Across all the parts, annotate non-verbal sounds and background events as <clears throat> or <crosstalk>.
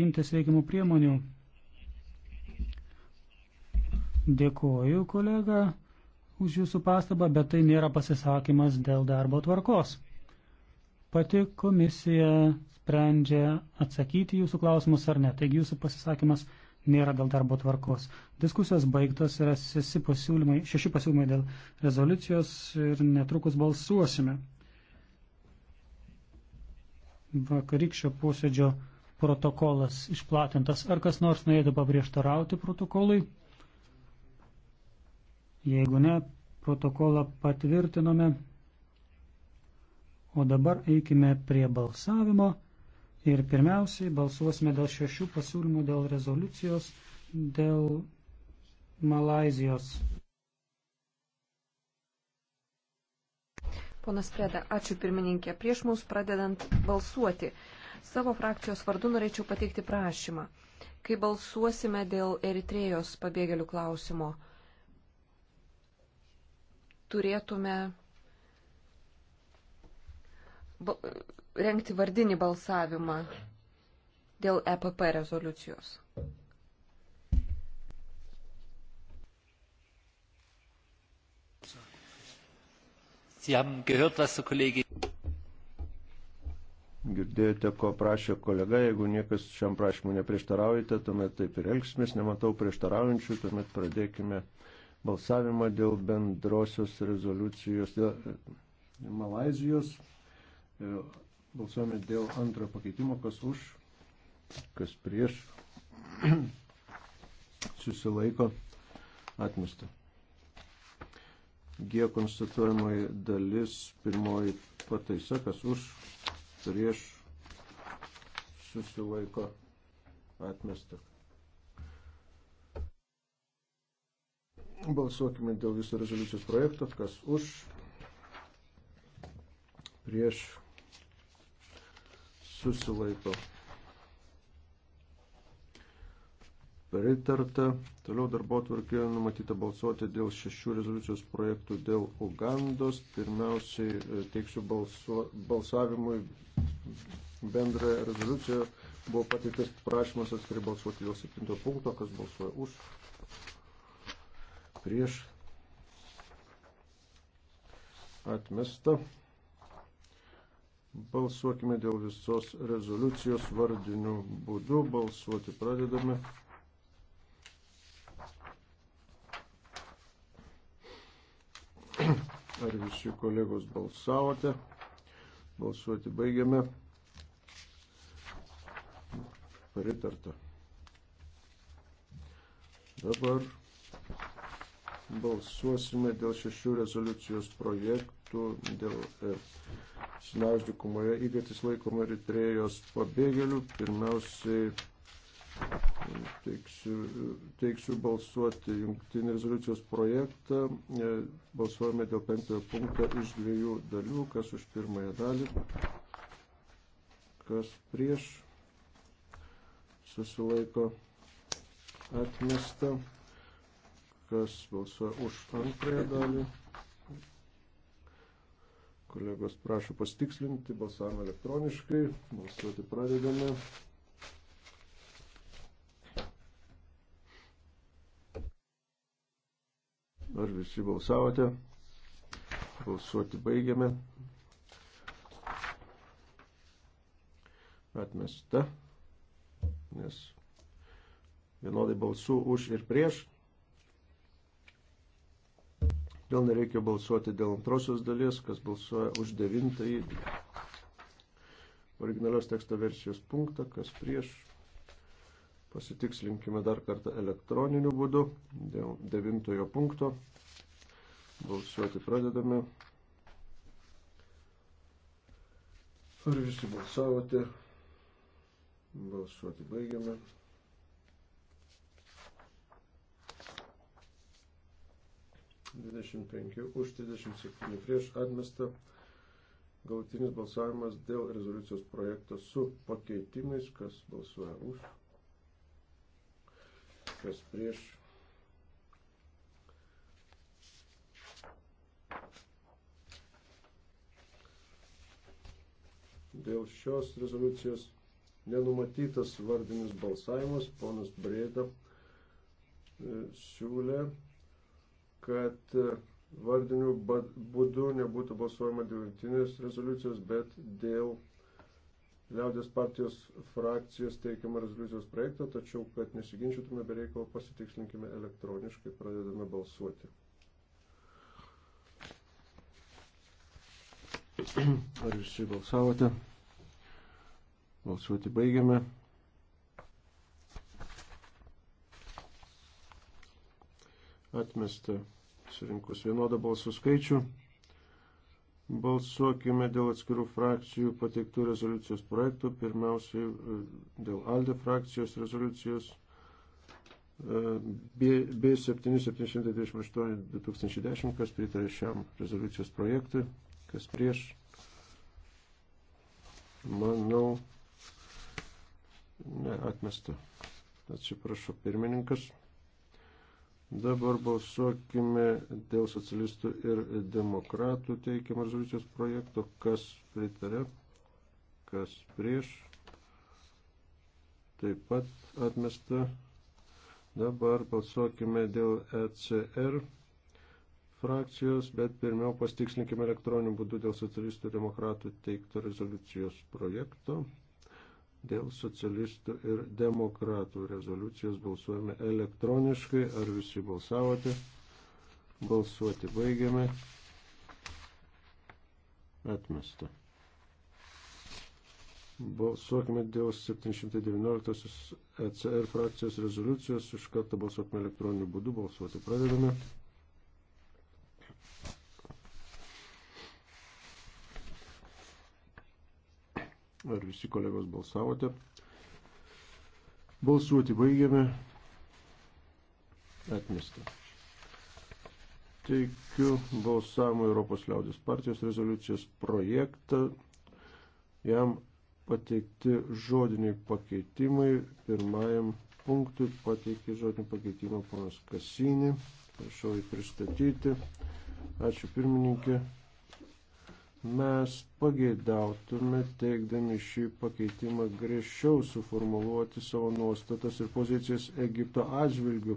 imtis reikiamų priemonių. Dėkuoju, kolega, už jūsų pastabą, bet tai nėra pasisakymas dėl darbo tvarkos. Pati komisija sprendžia atsakyti jūsų klausimus ar ne. Taigi jūsų pasisakymas nėra dėl darbo tvarkos. Diskusijos baigtos yra šeši pasiūlymai, šeši pasiūlymai dėl rezoliucijos ir netrukus balsuosime. Vakarykščio posėdžio protokolas išplatintas. Ar kas nors norėtų paprieštarauti protokolui? Jeigu ne, protokolą patvirtinome. O dabar eikime prie balsavimo ir pirmiausiai balsuosime dėl šešių pasiūlymų dėl rezoliucijos dėl Malazijos. Ponas Preda, ačiū pirmininkė. Prieš mums pradedant balsuoti, Savo frakcijos vardu norėčiau pateikti prašymą. Kai balsuosime dėl Eritrėjos pabėgėlių klausimo, turėtume rengti vardinį balsavimą dėl EPP rezoliucijos. Sie haben gehört, was der Kollege Girdėjote, ko prašė kolega, jeigu niekas šiam prašymui neprieštaraujate, tuomet taip ir elgsimės, nematau prieštaraujančių, tuomet pradėkime balsavimą dėl bendrosios rezoliucijos dėl e, Malazijos. E, balsuojame dėl antrojo pakeitimo, kas už, kas prieš. <clears throat> Susilaiko atmesta. G konstatuojamoji dalis, pirmoji pataisa, kas už, prieš susilaiko atmesta. Balsuokime dėl viso rezoliucijos projekto, kas už, prieš susilaiko. Pritarta. Toliau darbo tvarkė numatyta balsuoti dėl šešių rezoliucijos projektų dėl Ugandos. Pirmiausiai e, teiksiu balsu, balsavimui bendrą rezoliuciją buvo pateiktas prašymas atskirai balsuoti dėl 7 punkto, kas balsuoja už, prieš, atmesta. Balsuokime dėl visos rezoliucijos vardiniu būdu. Balsuoti pradedame. Ar visi kolegos balsavote? Balsuoti baigiame pritarta. Dabar balsuosime dėl šešių rezoliucijos projektų, dėl e, Sinaus dykumoje įgėtis laikoma Eritrėjos pabėgėlių. Pirmiausiai teiksiu, teiksiu balsuoti jungtinį rezoliucijos projektą. E, balsuojame dėl penktojo punkto iš dviejų dalių, kas už pirmąją dalį, kas prieš susilaiko atmesta, kas balsuoja už antrąją dalį. Kolegos prašo pastikslinti, balsavimą elektroniškai, balsuoti pradedame. Ar visi balsavote? Balsuoti baigiame. Atmesta nes vienodai balsų už ir prieš. Vėl nereikia balsuoti dėl antrosios dalies, kas balsuoja už devintąjį originalios teksto versijos punktą, kas prieš. Pasitikslinkime dar kartą elektroniniu būdu dėl devintojo punkto. Balsuoti pradedame. Ar visi balsavote? Balsuoti baigiame. Dvidešimt penki už, trisdešimt septyni prieš atmestą galutinis balsavimas dėl rezoliucijos projekto su pakeitimais, kas balsuoja už, kas prieš. Dėl šios rezoliucijos nenumatytas vardinis balsavimas. Ponas Brėda e, siūlė, kad e, vardiniu būdu nebūtų balsuojama dėl jungtinės rezoliucijos, bet dėl liaudės partijos frakcijos teikiamą rezoliucijos projektą, tačiau, kad nesiginčytume be reikalo, pasitikslinkime elektroniškai, pradedame balsuoti. <clears throat> Ar visi balsavote? Balsuoti baigiame. Atmesta surinkus vienodą balsų skaičių. Balsuokime dėl atskirų frakcijų pateiktų rezoliucijos projektų. Pirmiausiai e, dėl ALDE frakcijos rezoliucijos e, B7738-2010, kas pritarė šiam rezoliucijos projektui, kas prieš. Manau, neatmesta. Atsiprašau, pirmininkas. Dabar balsuokime dėl socialistų ir demokratų teikiamą rezoliucijos projekto. Kas pritarė, kas prieš. Taip pat atmesta. Dabar balsuokime dėl ECR frakcijos, bet pirmiau pastikslinkime elektroniniu būdu dėl socialistų ir demokratų teikto rezoliucijos projekto. Dėl socialistų ir demokratų rezoliucijos balsuojame elektroniškai. Ar visi balsavote? Balsuoti baigiame. Atmesta. Balsuokime dėl 719 ECR frakcijos rezoliucijos. Iš karto balsuokime elektroniniu būdu. Balsuoti pradedame. Ar visi kolegos balsavote? Balsuoti baigiame. Atmesta. Teikiu balsavimo Europos liaudės partijos rezoliucijos projektą. Jam pateikti žodiniai pakeitimai. Pirmajam punktui pateikė žodinį pakeitimą ponas Kasinį. Prašau jį pristatyti. Ačiū pirmininkė. Mes pageidautume, teikdami šį pakeitimą, griežčiau suformuluoti savo nuostatas ir pozicijas Egipto atžvilgių.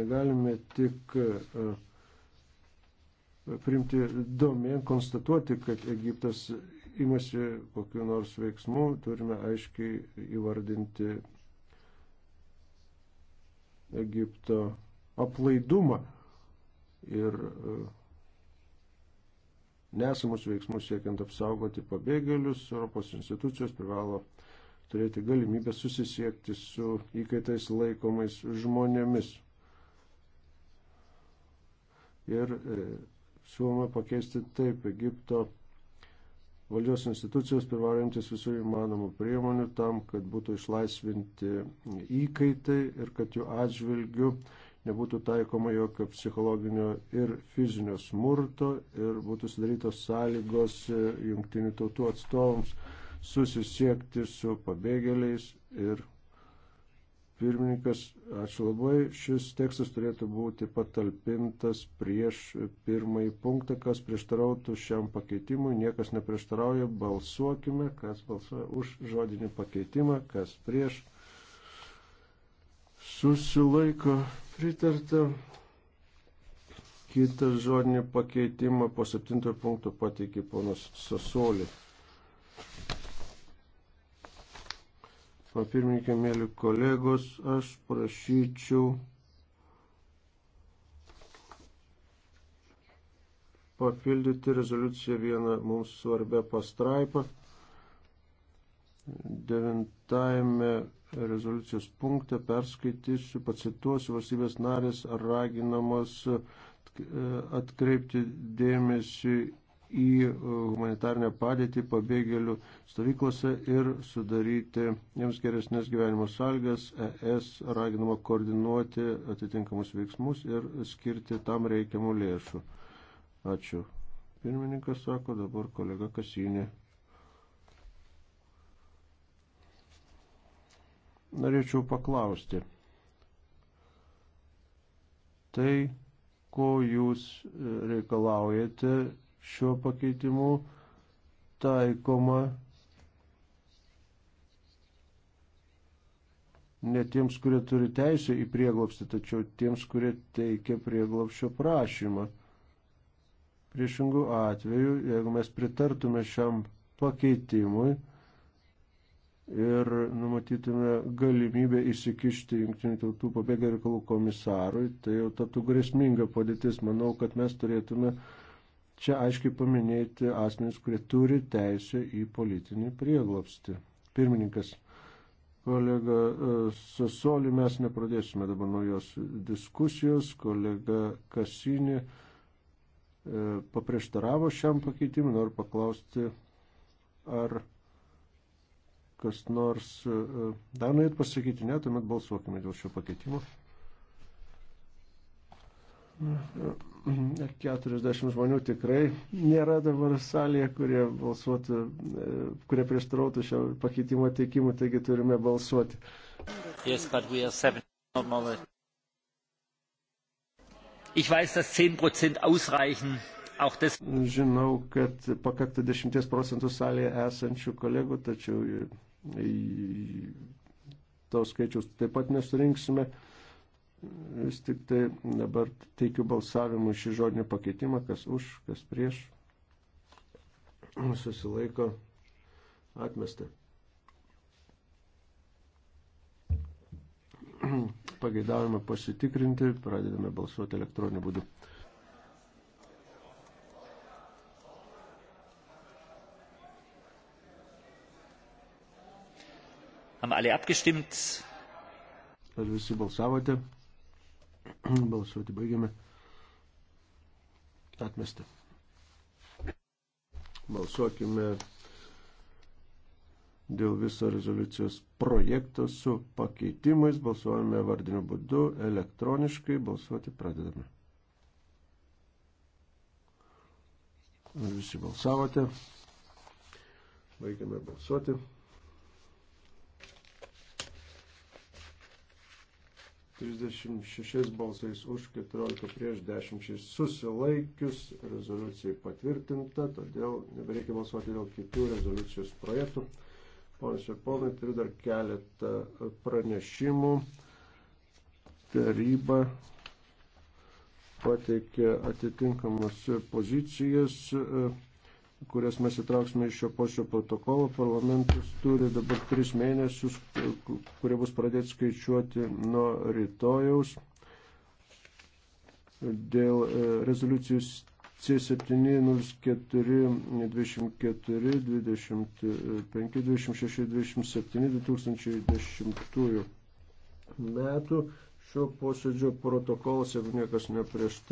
Negalime tik e, primti domėn, konstatuoti, kad Egiptas imasi kokiu nors veiksmu, turime aiškiai įvardinti Egipto aplaidumą ir e, nesamus veiksmus siekiant apsaugoti pabėgėlius, Europos institucijos privalo turėti galimybę susisiekti su įkaitais laikomais žmonėmis. Ir e, siūloma pakeisti taip Egipto valdžios institucijos privalo imtis visų įmanomų priemonių tam, kad būtų išlaisvinti įkaitai ir kad jų atžvilgių nebūtų taikoma jokio psichologinio ir fizinio smurto ir būtų sudarytos sąlygos e, jungtinių tautų atstovams susisiekti su pabėgėliais ir pirmininkas, ačiū labai, šis tekstas turėtų būti patalpintas prieš pirmąjį punktą, kas prieštarautų šiam pakeitimui, niekas neprieštarauja, balsuokime, kas balsuoja už žodinį pakeitimą, kas prieš susilaiko pritarta. Kitą žodinį pakeitimą po septintojo punkto pateikė ponas Sasolė. Papirminkė, mėly kolegos, aš prašyčiau papildyti rezoliuciją vieną mums svarbę pastraipą. Devintajame rezoliucijos punktą perskaitysiu, pacituosiu, valstybės narės raginamos e, atkreipti dėmesį į e, humanitarnę padėtį pabėgėlių stovyklose ir sudaryti jiems geresnės gyvenimo sąlygas. ES raginama koordinuoti atitinkamus veiksmus ir skirti tam reikiamų lėšų. Ačiū. Pirmininkas sako dabar kolega Kasinė. norėčiau paklausti. Tai, ko jūs e, reikalaujate šiuo pakeitimu, taikoma ne tiems, kurie turi teisę į prieglopstį, tačiau tiems, kurie teikia prieglopščio prašymą. Priešingų atveju, jeigu mes pritartume šiam pakeitimui, ir numatytume galimybę įsikišti Junktinių tautų pabėgėlių reikalų komisarui, tai jau taptų grėsminga padėtis. Manau, kad mes turėtume čia aiškiai paminėti asmenys, kurie turi teisę į politinį prieglopstį. Pirmininkas, kolega e, Sasoli, mes nepradėsime dabar naujos diskusijos, kolega Kasinė e, paprieštaravo šiam pakeitimui, noriu paklausti, ar kas nors e, e, dar norėtų pasakyti, ne, tuomet balsuokime dėl šio pakeitimo. 40 e, žmonių tikrai nėra dabar salėje, kurie balsuotų, kurie prieštarautų šio pakeitimo teikimu, taigi turime balsuoti. Yes, but we are seven normal. Ich weiß, dass 10% ausreichen. Auch das Žinau, kad pakaktų 10 procentų salėje esančių kolegų, tačiau tos skaičius taip pat nesurinksime. Vis tik tai dabar teikiu balsavimui šį žodinį pakeitimą, kas už, kas prieš. Susilaiko atmesta. Pageidavimą pasitikrinti, pradedame balsuoti elektroniniu būdu. Haben alle abgestimmt? Ar visi balsavote? <clears throat> Balsuoti baigiame. Atmesti. Balsuokime dėl viso rezoliucijos projekto su pakeitimais. Balsuojame vardiniu būdu elektroniškai. Balsuoti pradedame. Ar visi balsavote? Baigiame balsuoti. 36 balsais už, 14 prieš 10 susilaikius rezoliucijai patvirtinta, todėl nebereikia balsuoti dėl kitų rezoliucijos projektų. Ponas ir ponai, turiu dar keletą pranešimų. Taryba pateikė atitinkamas pozicijas kurias mes įtrauksime iš šio posėdžio protokolo. Parlamentas turi dabar tris mėnesius, kurie bus pradėti skaičiuoti nuo rytojaus dėl e, rezoliucijos C704-24-25-26-27-2010 metų šio posėdžio protokolas, jeigu niekas neprieštar.